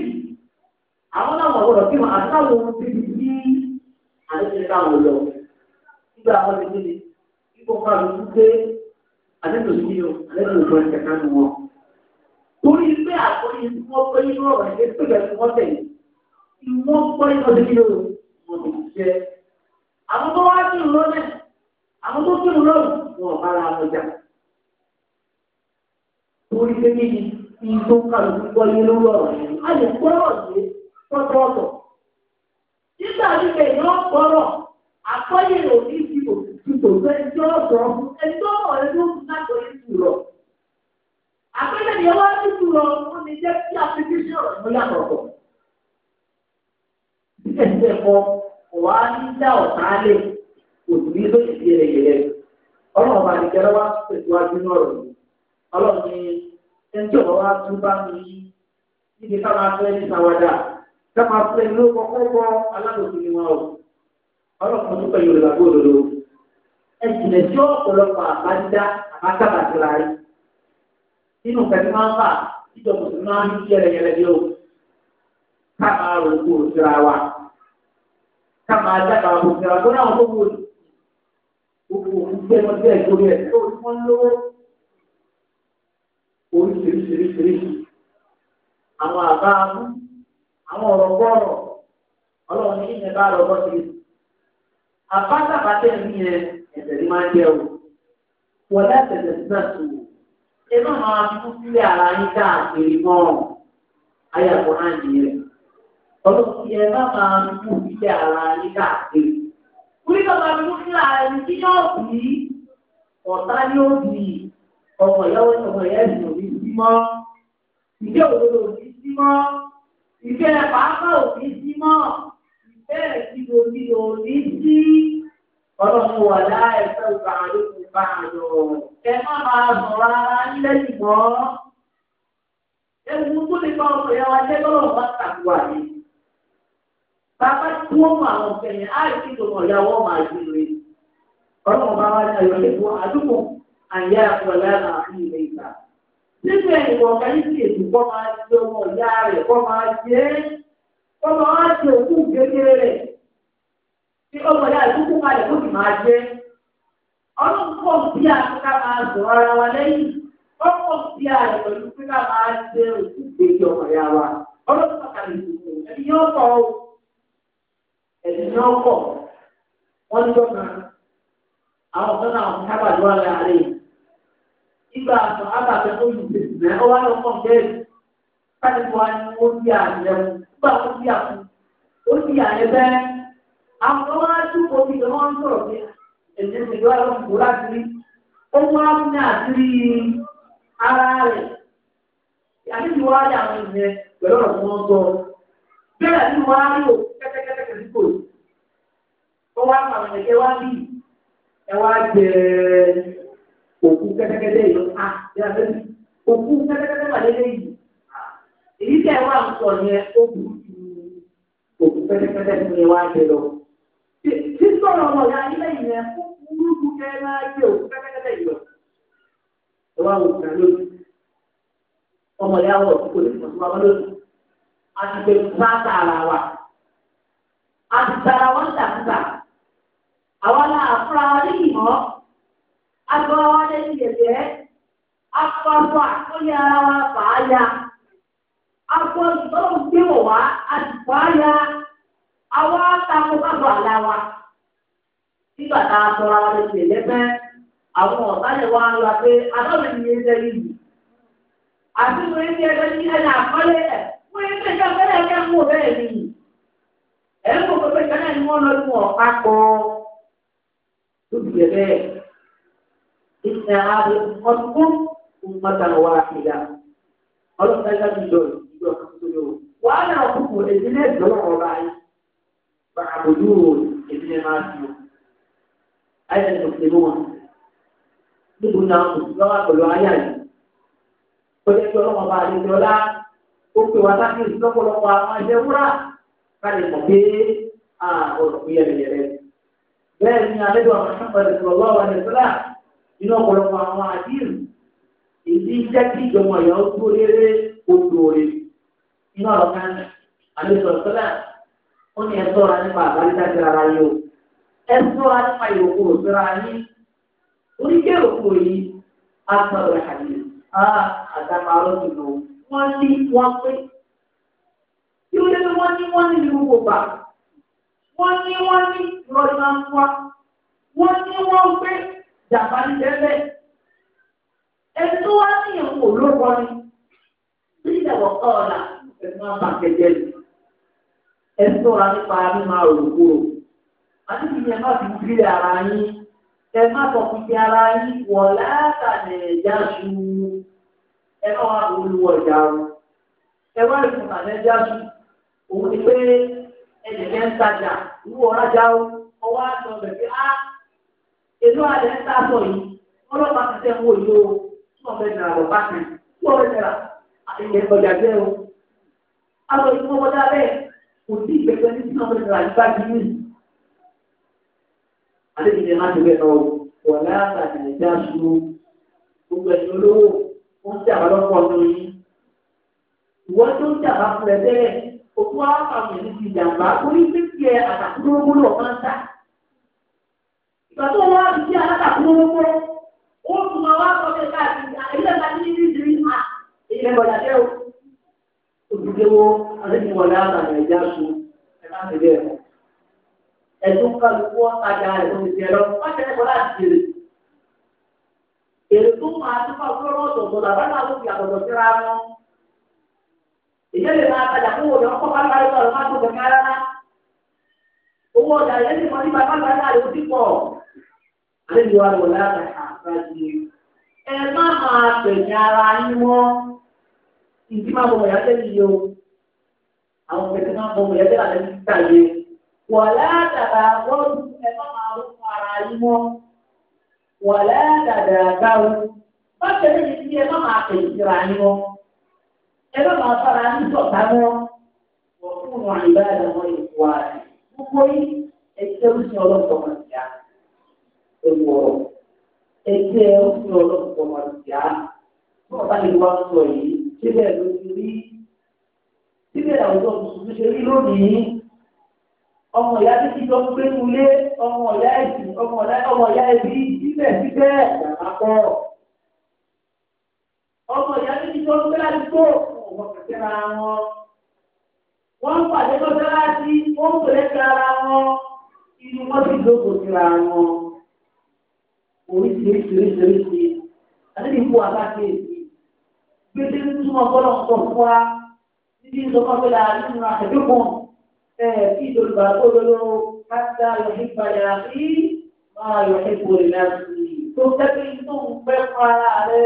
Speaker 1: àwọn náà wọ́n gbọ́dọ̀ kíwọ́n àtàwọn ohun tí ti ní àdéhùn táwọn lọ nígbà àwọn ti níbi kíkọ́ ká ló ń gbé àdéhùn sí o àdéhùn ògbọ́n ẹ̀ṣẹ̀ ká ní wọn. torí pé àkórí tí wọ́n pé inú ọ̀rọ̀ ẹ̀ṣẹ̀ tó yẹ kí wọ́n tẹ̀ kí wọ́n pọ́ inú ọdún yìí o wọ́n ti jẹ́. àwọn tó wá sí ìlú náà àwọn tó sí ìlú náà wọ́n bára wọn jà. torí pé kí ni ìtò kálukú gbọ́ yé ọ̀rọ̀ tọ́tọ̀ọ̀tọ̀. Nígbà wípé yóò gbọ́rọ̀, àkọ́yè rò ní ìdìbò ìdìbò ẹni tó sọ ẹni tó mọ̀ ẹni tó kún láti orí tù lọ. Àpẹẹrẹ ni ọwọ́ ní tù lọ, ó ní jẹ́ kí application ọ̀rọ̀ ló yàtọ̀ pọ̀. Bíkẹ́ ti ẹ̀kọ́, ọ̀wá ní dá ọ̀tá lè, kò sì ní lóṣù sí ẹlẹ́yẹlẹ́. Ọlọ́run bá nìkẹ́ lọ́wọ́ tẹ̀síwájú náà rẹ̀. Ọlọ́run ni ẹni tí ọ̀rọ̀ wá tún bá mi yí, níbi ká máa ní sáwádà kẹ́mà fún ẹni ló kọ́kọ́ bọ́ alábòsí ni wọn o ọlọ́pàá tó pẹ̀lú ìlàgbọ́ òdodo ẹ̀jìnlẹ̀ tí ọ̀pọ̀lọpọ̀ àbájá àbájábàjá la rí nínú pẹ̀lú máa ń fà ìjọ mùsùlùmí máa ń bí yẹlẹyẹlẹ bí o káàmà rògbò síra wa káàmà ajáka rògbò síra wa gbọ́dọ̀ àwọn tó wù ú gbogbo òun gbé wọn sí ẹ̀jọ́ rẹ̀ tó wọ́n lówó oríṣiríṣiríṣiríṣi àwọn àbá àwọn ọ̀rọ̀ gbọ́rọ̀ ọlọ́run ní ìyẹn bá lọ́gbọ́ i. àbátàbátẹ́ yẹn ẹ̀sẹ̀ ni máa ń jẹ́ o wọ́n láti ẹ̀sẹ̀ sí náà tó o. ẹ má máa fún sílẹ̀ ara yín káàkiri mọ́ ayàwó náà nìyẹn. ọlọ́run ti ẹ má máa sílẹ̀ ara yín káàkiri. orí sílẹ̀ ara yín kí yóò ọ̀tá ni ó bì ọmọ ìfẹ́ pàápàá òní jí mọ́ ìfẹ́ ìdìbò ìdìbò òní jí ọlọ́run wà láì fẹ́ òkà àlékún bá a lọ. ẹ má máa sọ rárá nílẹ̀ ìgbọ́. ewu tó lè bá ọkọ̀ yẹn wá jẹ́ lọ́rọ̀ bá tàbí wà ní. bàbá tí wọ́n mọ àwọn ọ̀fẹ́ yẹn á sì tó mọ̀ máa yí rè. ọlọ́run bá wá ní ayọ̀ lẹ́kọ̀ọ́ àdúgbò àyà àpọ̀lẹ́ àti ìlẹ̀ ìgbà. nínú ẹ̀yìn ọ̀gá yìí sì ètò kọ́ máa ṣe ọmọ ìyá rẹ̀ kọ́ máa ṣe é kọ́ máa ṣe òkú kékeré rẹ̀ kí ọmọ ìyá rẹ̀ kúkú kalẹ̀ kó sì máa ṣe é. ọlọ́run pọ̀ bí àtúntà máa sọ ara wa lẹ́yìn máa ọmọ ìyá nígbà àtọ̀ àbàtẹ tó lù bèbè rẹ̀ ó wá lọ kàn bẹ́ẹ̀ káni wá ní ó di àyẹ̀ wò nígbà ó di àkú ó di àyẹ̀ bẹ́ẹ̀ àwọn ọmọ àdúgbò mi ń sọ̀rọ̀ láti rí ní ara rẹ̀ wá ìyẹn pẹ̀lú ọ̀rọ̀ wọ́n sọ bẹ́ẹ̀ ni wọ́n á rí òkú kẹ́tẹ́kẹ́tẹ́ yìí á a bẹ́ẹ̀ òkú kẹ́tẹ́kẹ́tẹ́ wà lélẹ́ yìí èyí tẹ̀ wá sọ yẹn ó kù òkú kẹ́tẹ́kẹ́tẹ́ fún wá jẹ lọ. ya ilé yìí yẹn kó máa jẹ òkú kẹ́tẹ́kẹ́tẹ́ yìí lọ. ẹ wá wò ó ọmọ ìyá wọ̀ kó lè a ti pè fún wa a agbára wa lé ní yẹ̀yẹ́ afọ́fọ́ àkóyè ara wa fà á ya afọ́ ìtọ́lọ́ gbé wọ̀ wá àtùpọ̀ á ya àwa tako kábọ̀ àlá wa nígbà tá a sọ ara lè tẹ̀lé fẹ́ àwọn ọ̀tá lè wá lọ pé adọ́rẹ̀ ni ẹ fẹ́ yìí àti wọ́n ti ẹgbẹ́ ní ẹ̀yà àkọ́lé ẹ̀ wọ́n ti ẹgbẹ́ fẹ́lẹ́ ẹgbẹ́ mú bẹ́ẹ̀ ni ẹ̀ ń kó pépé kẹ́lẹ́ ni wọ́n lọ sí wọn ọ̀pá kọ́ tóbi bẹ́ẹ̀. إن هذه أمتكم أمة واحدة ọlọ́run dájá mi lọ ìjọ ìjọ wàhálà àkókò èdè náà dọ́wọ́ ọba yìí bá àbójú èdè náà máa ti o ayé ẹni òkè mú wọn níbo náà kò sí lọ́wọ́ àgbọ̀lọ́ ayé àyè kọjá tí ọlọ́wọ́ ọba àti ìjọlá ó pè wá sáfì lọ́pọ̀lọpọ̀ àwọn ẹ̀jẹ̀ káàdì mọ̀ pé àwọn ọ̀rọ̀ kò yẹ bẹ́ẹ̀ ni alẹ́ bí wọn máa ń pẹ̀lú ọlọ́wọ́ nínú ọ̀pọ̀lọpọ̀ àwọn àdìrù èyí jẹ́ kí ìjọba ìyá ó tó rere odò rè nínú ọ̀rọ̀ kan àlejò sọ́lá ó ní ẹ ṣọ́ra nípa àbárídájú ara yìí o ẹ ṣọ́ra nípa ìròkúrò síra yín oníkẹ́ ìròkúrò yìí á sọ̀rọ̀ àyè á àdàmáró nínú wọ́n ní wọ́n pé kí ó lẹ́nu wọ́n ní wọ́n ní ní gbogbo gbà wọ́n ní wọ́n ní lọ́ọ́ jàmbá ní bẹ́ẹ̀ ẹni tó wá ní ìwò lórúkọ ni bí ìdàgbọ̀ kọ́ ọ̀la ẹni máa bá kẹjẹ ni ẹni tó ra nípa ní máa rò kó o àti kí ni ẹ má fi bílẹ̀ ara yín ẹ má sọ fún ti ara yín wọ̀ látàlẹ̀ ẹ̀já ṣu ẹ má wá lọ olúwọ̀ ìjà o ẹ wá ìfún tàlẹ̀ ẹ̀já ṣu òun ni pé ẹnìkẹ́ ń tajà ìwọ ọ̀rajà o ọwọ́ àtọ̀ bẹ̀rẹ̀ á èlò alẹ́ ń ta sọ yìí ọlọ́pàá ti tẹ́ wọ yìí o tí wọ́n fẹ́ nà lọ bá kan tí wọ́n fẹ́ nà àtẹ̀yẹ ọjà bẹ́ẹ̀ o. àwọn ìlú wọn kọjá bẹ́ẹ̀ kò sí ìgbẹ́gbẹ́ ní tí wọ́n fẹ́ nà àyíká jù mí. àlejò ni máa ti bẹ̀ lọ wọ̀ láàbà nàìjíríà ṣu gbogbo ẹ̀yìn olówó wọ́n ti àbá lọ́pọ̀ ọdún yìí. ìwọ́n tó ń jàmbá fún ẹ tẹ́lẹ̀ òkú àwọn àmì ìgbà tó wá ti di alákàtún lọ́wọ́ ó tún máa wá sọ pé káàkiri ilé ìgbà tí ní ìdírí à ilé ìgbọ̀dà jẹ́ o ojúdéwó adéjúmọ̀lá àtàlẹ̀ ìjà sùn ẹ̀ka tẹ̀lé ẹ̀kọ́ ẹ̀dùn kálukú ọ̀tajà ẹ̀kọ́ ti tẹ̀ lọ wọ́n tẹ̀lé kọ́ láti jèrè èrè tó máa tó fà fúlọ́rọ́ ọ̀tọ̀ọ̀tọ̀ làbá náà ló fi àtọ̀tọ̀ síra wọn ìyẹ́lẹ̀ máa tajà fún òde ọkọ̀ bá parí ọ̀rọ̀ má tó bẹ̀rẹ̀ rárá owó ọjà àlejò wa wọ̀ lára àgbàdì ẹ má máa tẹ̀yìn ara yín mọ́ ìdí máa bọ̀ bọ̀yá tẹ́lẹ̀ yìí o àwọn kẹ̀kẹ́ máa bọ̀ bọ̀yá tẹ́lẹ̀ àti níta yẹ wọ̀ látàrà wọ́n ẹ má máa rú ara yín mọ́ wọ̀ látàrà gáwó má tẹ̀lé yìí sí ẹ má máa tẹ̀yìn ara yín mọ́ ẹ má máa fara yín sọ̀tà mọ́ wọ́n fún wọn àyíká ìdáwọ́ ìwà rẹ̀ gbogbo yìí ẹ ti tẹ́lú sí ọlọ́pàá ẹwọ ẹgbẹ́ ọ̀sùn ọlọ́pàá máa jà á lè wá sọ yìí síbẹ̀ ló ti rí síbẹ̀ àwùjọ mùsùlùmí ṣe rí lónìí ọmọ ìyá títí jọ ń gbé kulé ọmọ ìyá ẹbí ọmọ ìyá ẹbí síbẹ̀ síbẹ̀ yàrá pọ̀ ọmọ ìyá títí jọ ń gbé àdúgbò ọmọ kẹkẹ ra wọn wọ́n ń pàdé mọ́sálásí wọ́n ń pèlè kára wọn inú mọ́sí lóko síra wọn oríṣiríṣiríṣiríṣi àti ìfú àbáṣeèsì gbèsè túmọ̀ gbọ́dọ̀ sọ fún wa níbi ìsọfọ́fẹ́lá nínú àtẹ̀dókùn ẹ̀ kí ìdòlùbà tó lọ́lọ́ káta yọ̀hí padà sí máa yọ̀hí kúrò láti tó tẹ́tí tó ń pẹ́ fún ara rẹ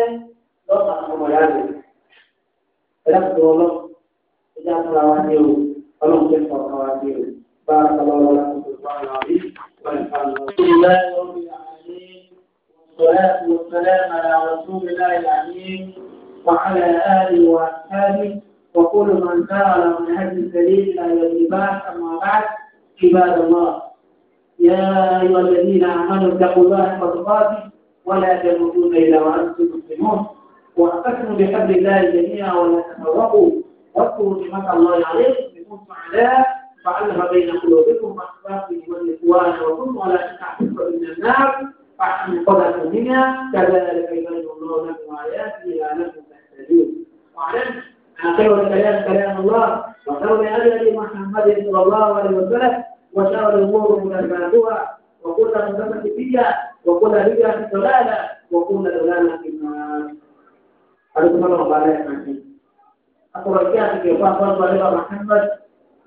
Speaker 1: lọ́sà ọmọdé rẹ̀. ẹ̀dá tó lọ ẹ̀dá fúnra wa ní o ọlọ́run tẹ́ fún ọ̀kan wa ní o bá a lọ́wọ́ lọ́wọ́ láti tó bá a lọ́wọ́ rí wọ́n ń bá والصلاة والسلام على رسول الله الأمين وعلى آله وأصحابه وكل من سار على منهج السبيل إلى يوم أما بعد عباد الله يا أيها الذين آمنوا اتقوا الله حق تقاته ولا تموتون إلا وأنتم مسلمون واعتصموا بحبل الله جميعا ولا تفرقوا واذكروا نعمة الله عليكم بكم كنتم فعلها بين قلوبكم وأحبابكم والإخوان وكنوا على شفاعة من النار أحسن قدر منها كذلك يبين الله لكم آياته لعلكم تهتدون واعلم أن خير الكلام كلام الله وخير هدي محمد صلى الله عليه وسلم وشر الأمور محدثاتها وكل محدثة بدعة وكل بدعة ضلالة وكل ضلالة في النار. أرجو الله وبارك فيك. أقول لك يا أخي محمد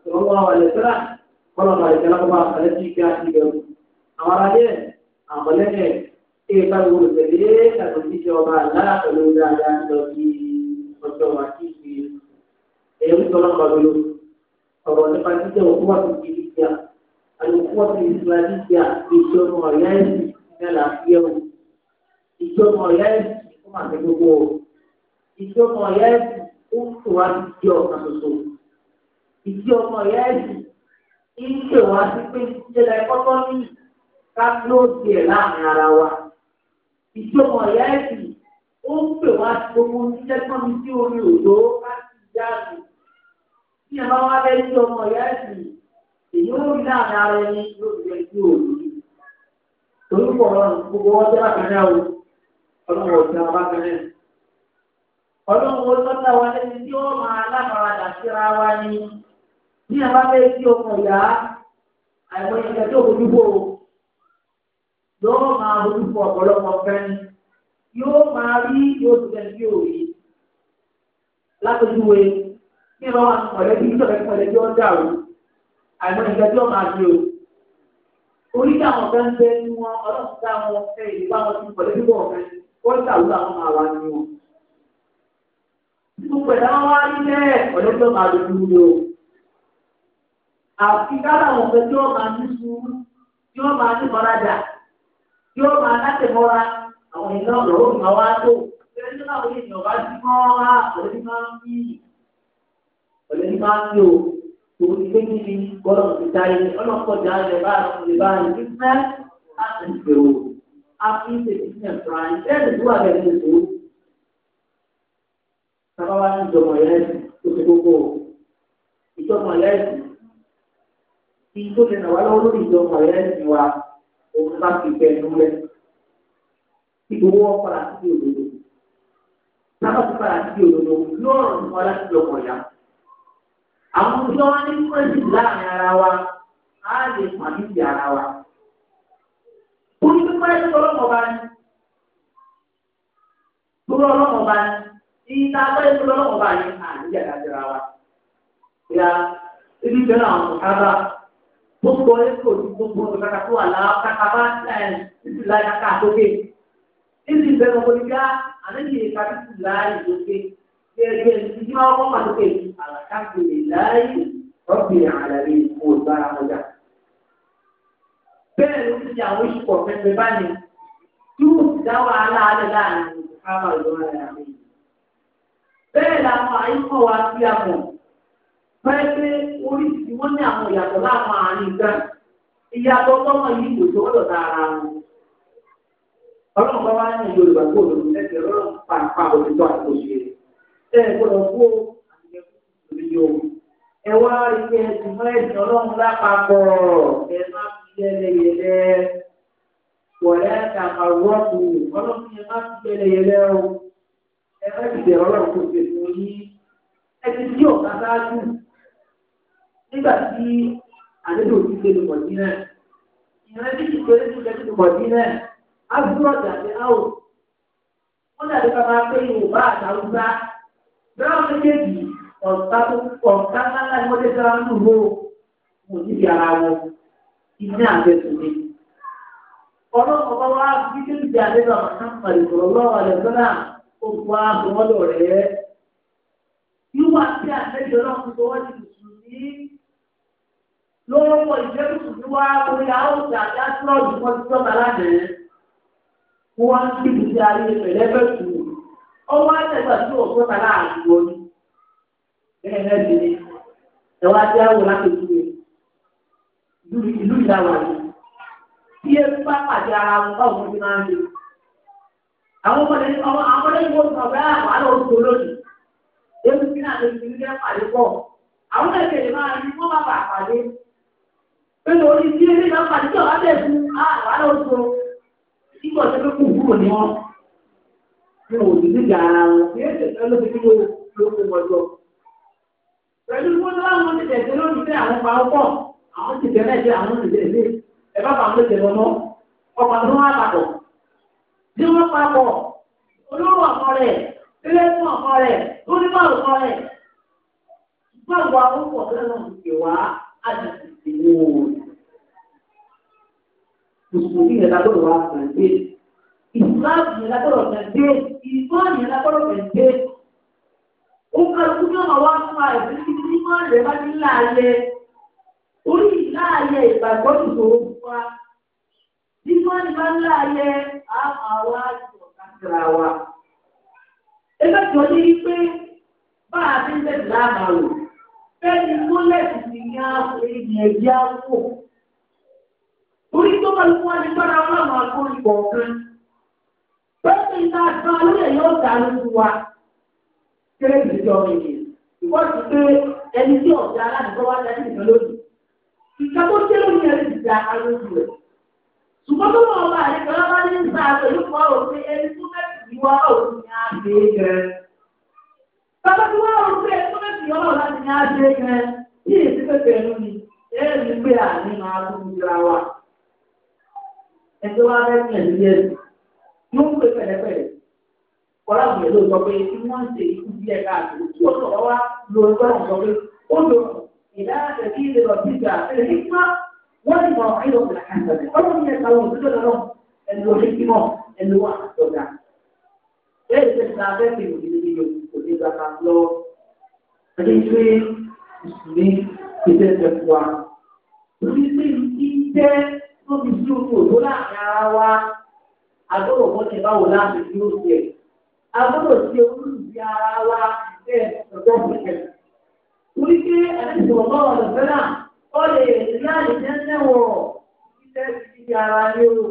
Speaker 1: صلى الله عليه وسلم قال الله يجعلكم على خلفك يا أخي àwọn aráyé àmọ́lẹ́yìn tí ẹ bá wọlé pẹ̀lú ẹ̀ka ìṣe ọba àlá pẹ̀lú dáadáa ń lọ bí ọjọ́ àti ìgbé ẹ̀yẹ ń tọ́lá pàdúró ọ̀rọ̀ nípa jíjẹ́ òkú àti ìdíjà àlùkù àti ìsìlájíjà ìṣe ọmọ ọ̀yá ẹ̀sìn mẹ́la fíẹ́wò ìṣe ọmọ ọ̀yá ẹ̀sìn kó máa fi gbogbo ìṣe ọmọ ọ̀yá ẹ̀sìn ó ń tò wá sí ìṣe ọ̀kan tuntun ìṣe ọmọ ọ̀yá ẹ̀sìn ń tò wá sí pé ìṣẹ̀lẹ̀ ẹ̀kọ́tọ́ ní ká ló tiẹ̀ láàrin ara wa. ìjọba ọ̀yá ẹ̀sìn ó ń pè wá gbogbo oníṣẹ́ tán mi sí orí òjò láti jáde. bí ẹ bá wá lẹ́ sí ọmọ ọ̀yá ẹ̀sìn èyí ó rí láàrin ara ẹni lórí rẹ̀ sí òjò. torí pọ̀ ọ̀rọ̀ gbogbo wọn jẹ́ o ọlọ́run ọ̀sẹ̀ wọn bàkan náà. ọlọ́run ó tọ́ta wa lẹ́ni tí ó máa lábàradà síra wa ni bí ẹ bá lẹ́ sí ọmọ ọ̀yá àìmọye ìgbà tó kojú bò ó yóò máa orúkọ ọ̀pọ̀lọpọ̀ fẹ́ni yóò máa rí yóò tún fẹ́ sí òye lápẹjúwe bí ẹ bá wà ní pẹ̀lẹ́ bí ìjọba ẹ pẹ̀lẹ́ bí ó dà o àìmọ̀ ìgbà tí ó máa di o
Speaker 2: orí tí àwọn ọ̀gá
Speaker 1: ń bẹ ní wọn ọlọ́run dá wọn fẹ́ ìdíbà wọn ti pẹ̀lẹ́ bí wọn fẹ́ ó ń dàrú àwọn máa wà ní wọn. Gbogbo ẹ̀dá wọn wá ní bẹ́ẹ̀ ọ̀lẹ́ tí máa dojú lé o. Àfi àwọn ọ̀gá tí wọ́n máa ní sùúrù tí wọ́n máa ní mọ́rájà tí ó máa látẹ̀mọ́ra àwọn iná lọ́wọ́ máa wá tó ẹni tó náà wọlé ìyọ̀bá tí wọ́n wá ọ̀lẹ́ni máa ń bí ọ̀lẹ́ni máa ń lò tòun ti gbé níbi gbọ́dọ̀ ti ta ẹni ọlọ́kọ̀jà rẹ̀ bá rẹ̀ bá rẹ̀ ní fẹ́ láti fèrò àfi tètè ní ẹ̀fọ́ ayé bẹ́ẹ̀ tó wà bẹ́ẹ̀ tó tó. Sábà wá ní ìjọba ìyẹn tó ti gbogbo ìjọba ìyẹn tí tó lè nà wá lọ́wọ́ lórí ìjọba ìyẹn wa. òun bá fi bẹnu rẹ ìgbowó ọkọlá sí òdodo sábà tó kọlá sí òdodo lóòrùn nǹkan láti ya àwọn tí wọn ní kúrẹ́sì láàrin ara wa á lè pàmì sí ara wa ó ní pípa tó lọ́kọ̀ bá ní tó lọ́kọ̀ bá ní gbogbo ẹ̀kọ́ ní gbogbo ìgbàgbà tó wà láàkàkà bá láyàkà sókè níbi ìbẹ̀rù ọkọ̀ nígbà àlejò ìka títí láàyè sókè ẹgbẹ́ ìdí máa wọ́n wà sókè àlàkàkì lè láàyè ọ̀gbìn àlàyé kò bára mọ́jà. bẹ́ẹ̀ ló ti di àwọn oṣù pọ̀ pẹ́pẹ́ báyìí tí ó sì dá wàhálà alẹ́ láàrin káwọn ìlú ara rẹ̀ bẹ́ẹ̀ làwọn àyíkọ́ wa sí àpọ̀ pẹ́ pé oríṣi wọ́n ní àwọn ìyàtọ̀ láwọn àárín gan. ìyàtọ̀ tọ́mọ yìí kò tó ọ̀dọ̀ tààrà wọn. ọlọ́run bá wá ní yorùbá tó lò ní ẹgbẹ́ ọlọ́run pàápàá òtítọ́ àti òṣèré. ẹ gbọ́dọ̀ kó àtìlẹ́kùn ẹ wá ilé ẹsùn mọ́ ẹ̀sìn ọlọ́run lápapọ̀ ẹ má fi yẹlẹyẹlẹ wọ̀lẹ́ àtàkà wọ́ọ̀kù ọlọ́run ẹ má fi yẹlẹyẹlẹ o ẹ má nígbà tí àlejò ti ṣe lùpọ̀ sí náà ìrìn méjì péré ti ṣe lùpọ̀ sí náà ábúrò dàbí áwò wọ́n dàbí bàbá pé yorùbá àtàwùsá bẹ́ẹ̀ méjèèjì ọ̀tá ọ̀tá ńláńlá ni wọ́n lè sára ń ti ara wọn iná àgbẹ̀tò ọlọ́run ọba wa bí ti lọ́wọ́ lọ́rẹ̀ẹ́. yíwá sí náà lórúkọ ìjẹ́bùsùn tí wá orí àwòsàn àti àtúrọ̀dù tọ́ta lánàá. Wọ́n wá ń kí ìdíje ayé pẹ̀lẹ́fẹ̀ tù Ọwọ́ àtẹ̀gbà tí wọ́n tọ́ta láàrin wọn Bẹ́ẹ̀ náà ni ẹ̀wọ́n àti láti rẹ̀. Ìlú bá pàdé ara wọn máa ń Àwọn ọmọdé ọmọ àwọn ọmọdé sọ ah, àwọn àlọ́ pẹ̀lú orí tí ilé náà pàdé tí ọ̀rá fún àwọn aláwọ̀sọ ìgbà tó fẹ́ kú kúrò ní wọn. mi ò ní nígbà wọn kí ẹ tẹ̀sán ló fi kíló pẹ̀lú wọn tó láwọn ti tẹ̀sán lórí pé àwọn pa ọkọ̀ àwọn ti tẹ̀lé ẹ̀jẹ̀ àwọn ti tẹ̀lé ẹ̀ bá bàá lóṣèlú ọmọ ọkọ̀ àti wọn àpapọ̀. bí wọ́n papọ̀ olóró ọ̀kan rẹ̀ ilé fún rẹ̀ onímọ̀ rẹ̀ gbàgbọ́ àwọn pọ̀ á lè tètè wó o. Mùsùlùmí yẹn la gbọ́dọ̀ wá gbàgbé. Ìsìláàmù yẹn la gbọ́dọ̀ gbàgbé. Ìsìláàmù yẹn la gbọ́dọ̀ gbàgbé. Ó ká kú ní ọmọ wa fún àìsí títí tí wọ́n rẹ̀ bá ní láàyè. Orí ìláàyè ìgbàgbọ́ ìṣòro fún wa. Bí wọ́n ní láàyè, a máa wá ìṣọ̀ká wa. Ẹgbẹ́ fẹ́ni tó lẹ́sìn ní ní àpè ní ẹ̀jẹ̀ àpò. Orí tó bá lùkú wájú gbọ́dọ̀ ọlọ́run àgbórí kọ̀ọ̀kan. Bẹ́ẹ̀ni ìta àtúná alẹ́ yóò dá lójú wa. Kérésì jọ ènìyàn. Ìwọ́n ti pé ẹni tí ọ̀gá aládùúgbò wá dá nìkan lónìí. Ìka tó ké lórí ẹni ti da alójú rẹ̀. Ṣùgbọ́n tó wọ́n ọba àdékọ́lá bá ní sáà pẹ̀lú kọ́ òfin ẹni tó mẹ́sì Bàbá tí wọ́n rò pé ẹ̀kọ́ mẹ́sì ọlọ́run láti ní ájé gan ní èsì pẹ̀pẹ̀ ẹ̀rú ni ẹ̀rù pé àní máa tó Ẹgbẹ́ wa fẹ́ fún ẹ̀mí yẹn ló ń pè pẹ̀lẹ́pẹ̀lẹ́. Kọ́lá mi ló sọ pé kí wọ́n ṣe ikú bí ẹ̀ka àtúntò tí ó sọ̀rọ̀ yìí kò ní gbàgbà lọ. Àti pé ìsúnmí ti tẹ̀sẹ̀ fún wa. Òbí pé kí jẹ́ lóbi sí omi òjò láàrin ara wa. Agbọ́dọ̀ wọ́n ti báwo láti fi ó jẹ. Agbọ́dọ̀ ṣe olùdí ara wa ìfẹ́ ọjọ́ ìfẹ́. Orí pé àdéhùn ọ̀gá ọ̀rọ̀ fẹ́ràn, ó lè rí àlejò ẹ̀sẹ̀ ti di ara ní o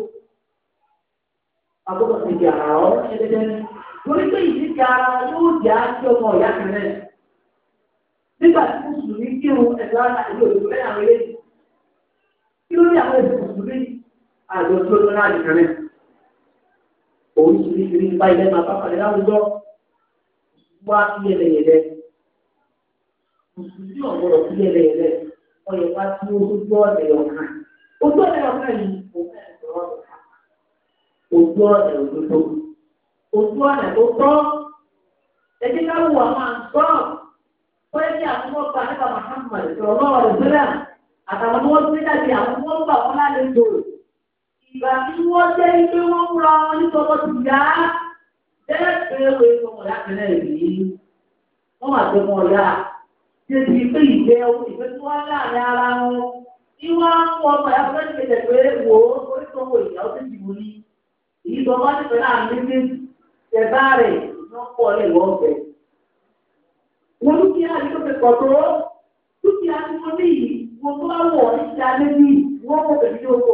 Speaker 1: agbọ́dọ̀ ti di ara ọ́ ṣẹ́dẹ́dẹ́ torí pé ìdíje yóò jẹ́ àti ìyá kan nígbà tí mùsùlùmí kírun ẹ̀dọ́ ara ìlú òdòdó lẹ́yìn àwọn eléyìí kí ló ní àwọn ẹ̀sìn mùsùlùmí àjọ tó lọ́nà àdìkan náà òun sì ní ìrírí ilẹ̀ máa bá pàdé láwùjọ wá sí yẹlẹyẹlẹ mùsùlùmí ọ̀gbọ́dọ̀ sí yẹlẹyẹlẹ ọ̀yẹ̀ká tí ó gbọ́ ọ̀dẹ̀ ọ̀kan ó gbọ́ ọ̀dẹ̀ ọ̀kan yìí ojú ọ̀nà òdodo ojú ọ̀nà tó tọ́ ẹjẹ́ ká wù àwọn àǹtọ́ fẹ́ẹ́ kí àwọn ọba nípa Muhammad sọ̀rọ̀ ọ̀rọ̀ sílẹ̀ àtàwọn ọmọ ọdún nígbàdí àwọn ọmọ ọba wọn lálejò ìgbà tí wọ́n jẹ́ ipé wọ́n ń ra wọn nípa ọmọ ti yá bẹ́ẹ̀ bẹ́ẹ̀ wo ikú ọmọ ìyá kẹlẹ́ yìí wọ́n máa tẹ́ wọn yá ṣé ti pé ìgbẹ́ ìgbẹ́ tí wọ́n láàrin ara wọn ní wọ́n á mú ọmọ ìyá fẹ́ẹ́ kẹlẹ̀ èyí tó bá ti pẹ́ náà níbi tẹ̀bá rẹ̀ lọ́pọ̀ rẹ̀ lọ́fẹ̀ẹ́. Wọ́n dúkìá yóò fi pọ̀ tó dúkìá tí wọ́n ní yìí wọ́n tó bá wọ̀ ní ti alẹ́ bí wọ́n kò fẹ́ yóò kò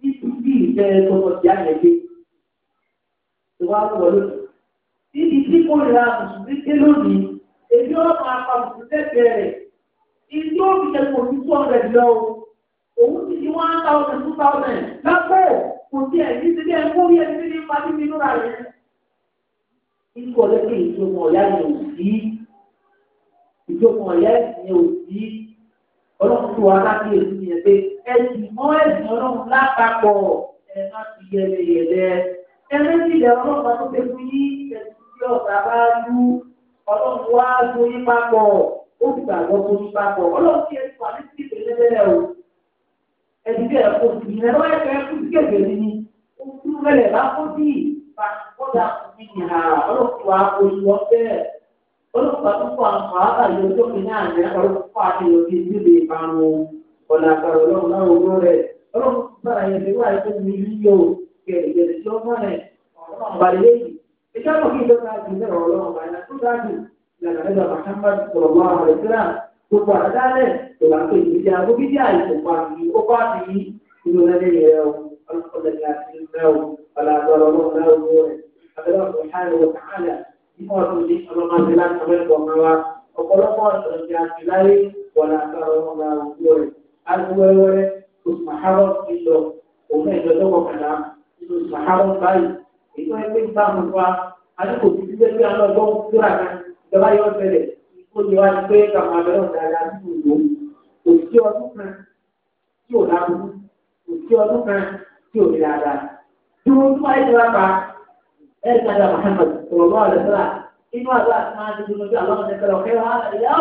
Speaker 1: ní ti ìfẹ́ tọ̀tọ̀ tí a yẹ dé. Ìwà wọ̀ lónìí. Níbi tí kò ra mùsùlùmí dé lónìí, èmi ọ̀pọ̀ apá mùsùlùmí rẹ̀. Ìdí kò tí ẹ̀ ní ti dé ẹ̀kọ́ yẹ ti ní ipa níbi inú rà rẹ̀. Ikú ọlẹ́kẹ̀ ìjọba ọ̀yá ni ò sí. Ìjọba ọ̀yá ni ò sí. Ọlọ́run tó wá láti èlú yẹn pé ẹ sì mọ́ ẹ̀sìn ọlọ́run lápapọ̀ ẹ má fi yẹlẹyẹlẹ. Ẹ méjì ilẹ̀ ọlọ́run bá tó fẹ́ fún yín ẹ̀sìn tí ọ̀tá bá lú. Ọlọ́run wá so yín papọ̀. Ó ti gbàgbọ́ so yín papọ̀. Ọlọ́run ti ẹ̀sìn wà ní ẹ̀dùnkẹ́ ẹ̀kọ́ ìyẹn lọ́wọ́ ẹ̀kọ́ ẹ̀kọ́ ìkẹ́kẹ́ mi ni ó tún mẹ́lẹ̀ bá kó bí ìfà kọ́dà mi nì hà ọlọ́kùnrin akọ̀yìn wọ́n bẹ́ẹ̀ ọlọ́kùnrin tó kọ́ àwọn àbáyọ tó fi náà ní ọlọ́kùnrin akọ̀yìn ti ní lè bá wọn ọ̀nà àkàrà ọlọ́run náà wọ́n rẹ̀ ọlọ́kùnrin bára yẹn ti wá ẹ̀kọ́ mi rí yọ kẹ̀kẹ́ tí ó mọ̀ rẹ̀ ọ̀rọ̀ balẹ̀ yìí ìjọba kí ìjọba ti bẹ̀rẹ̀ ọlọ́run báyìí gbogbo àdádálẹ̀ tó là ń pè ní ìdílé àgbo bídí àìsàn pa àbí ó bá ti yí inú ẹlẹ́ yẹrẹ o ọlọ́kọ̀ọ́lẹ̀ ní àti ìgbà o ọ̀làgbọ̀ ọlọ́run náà wọ rẹ̀ abẹ́rẹ́ ọ̀sán ṣáàrẹ̀ wọ̀ sàálà nípa ọdún ní ọlọ́mọdé láti ọmọ ọ̀pọ̀lọpọ̀ ọ̀sán ti àti láyé wọ̀là àgbàrọ̀ ọlọ́run náà wọ rẹ̀ agbẹ́wẹ́wẹ́rẹ́ oṣù màhárọ̀ ti lọ òun náà ìjọ tọkọ kàdá nínú oṣù màhárọ̀ ó ti wá ní pé káwọn abẹ́rẹ́ ọ̀dà ya sí ìlú kò sí ọdún kan tí ò lábúrú kò sí ọdún kan tí ò ní dáadáa. dúró tí wọ́n ti wá pa ẹ̀ ṣáájú Muhammad sallallahu alaihi wasallam inú àgbà àti máa ń di dúró bí àwọn ọ̀dẹ̀ kẹlẹ̀ ọ̀kẹ́ wa ẹ̀yà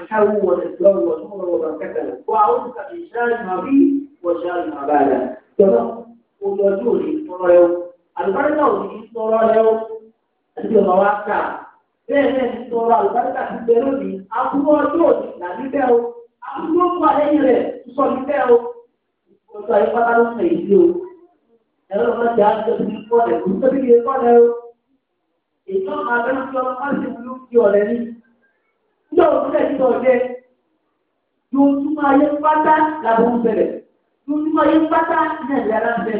Speaker 1: وتحول الدور والنور وبركته وأعوذك من شر ما فيه وشر ما بعده. تمام ojú ojú òní tọrọ ẹ kà bẹ́ẹ̀ náà ti sọ ọ̀rọ̀ àlùbáríkà ti bẹ lónìí àbúrò ọjọ́ òní là níbẹ̀ o àbúrò wà lẹ́yìn rẹ̀ sọ níbẹ̀ o ọjọ́ ayé pátá ló sàn èyí o ẹ̀rọ lọ́wọ́ ti á jẹ́ ti kọ́ rẹ̀ kò tóbi kì í kọ́ rẹ̀ o èyí náà máa bẹ́ẹ̀ fi ọmọ má sì wúlò fi ọ̀rẹ́ ní yóò sílẹ̀ ní ọ̀jẹ́ yóò túmọ̀ ayé pátá làbọ̀ ń bẹ̀rẹ̀ yóò túmọ̀ ayé pátá ní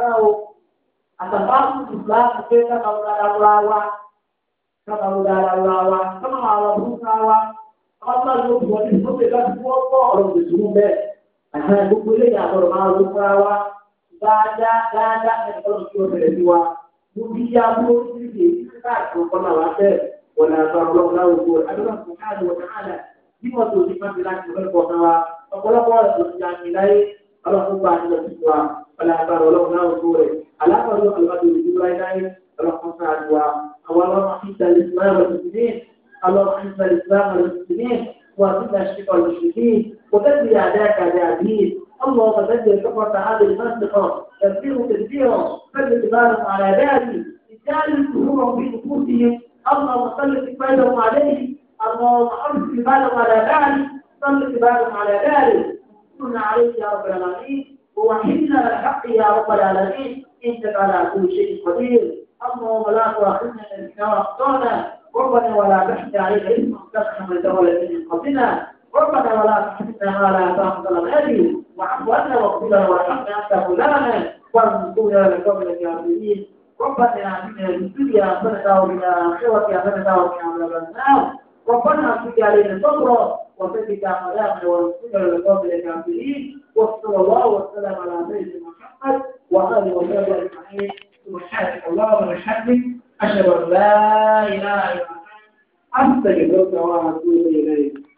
Speaker 1: rárá o àtàkùn ìsìláàmù pé kábà ń dára wá wá kábà ń dára wá wá kábà máa wà fún ká wá ọmọ ìlú wọn ní sókè láti fún ọkọ ọ̀rọ̀ ìṣòro bẹ́ẹ̀ àti gbogbo eléyà àtọrọ máa wọ fúnra wá dáadáa dáadáa ẹni tó ń fi ọbẹ̀rẹ̀ sí wa mo bí yá bó ti lè ṣe káàkiri ọkọ náà wá bẹ́ẹ̀ wọ̀nà àgbà ọlọ́run láwùjọ àdúrà kò káàdì wọ̀nà àlà bí wọ́n tó ní má ọlọ́run bá aṣọ sí wa ọlọ́run ọlọ́run náà wọ́n rẹ̀ alábàárọ̀ ọlọ́run ìlú láíláí ọlọ́run sáà wa àwọn ọlọ́run àfihàn ìsìlámù ọ̀sìn اللهم اعز الاسلام والمسلمين واذل الشرك والمشركين ودمر اعداءك اعداء عبيد اللهم دمر كفرة هذه المنطقة تدبيره تدبيرا فل دمارهم على ذلك اجعل الكفور في نفوسهم اللهم سلط عبادهم عليه اللهم ارسل عبادهم على ذلك سلط عبادهم على ذلك من عليك يا رب العالمين ووحدنا الحق يا رب العالمين إنك على كل شيء قدير اللهم لا تؤاخذنا بما أخطأنا ربنا ولا تحمل علينا إثما كما تولى من قبلنا ربنا ولا تحملنا ما لا طاقة لنا به وعفو عنا واغفر لنا وارحمنا أنت مولانا وانصرنا لقوم الكافرين ربنا آتنا في الدنيا حسنة وفي الآخرة حسنة وقنا عذاب النار ربنا اترك علينا صبرا وثبت اقدامنا وانصرنا للقوم الكافرين وصلى الله وسلم على سيدنا محمد واله وصحبه اجمعين سبحانك اللهم وبحمدك اشهد ان لا اله الا انت استغفرك واتوب اليك